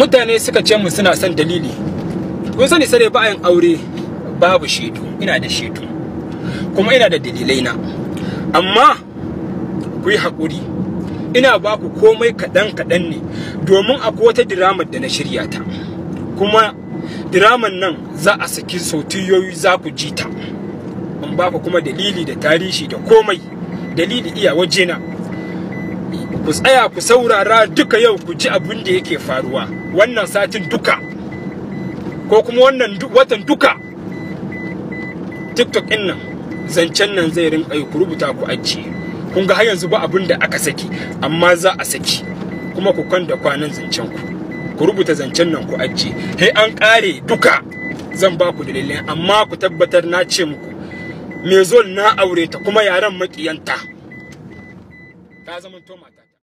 mutane suka ce mu suna son dalili kun sani sai ba yin aure babu shaidu ina da shaidu kuma ina da dalilai na amma ku yi haƙuri ina ba ku komai kaɗan kaɗan ne domin akwai wata diramar da na shirya ta kuma diraman nan za a saki sautiyoyi za ku ji ta in ba ku kuma dalili da tarihi da komai dalili iya waje na. ku tsaya ku saurara duka yau ku ji abin da yake faruwa wannan satin duka ko kuma wannan watan duka tiktok ɗin nan zancen nan zai rinka yi ku rubuta ku ajiye kun ga har yanzu ba abin da aka saki amma za a saki kuma ku kwanda kwanan zancen ku ku rubuta zancen nan ku ajiye he an ƙare duka zan ba ku dalilin amma ku tabbatar na ce muku mezol na aure ta kuma yaren makiyanta ta zama to mata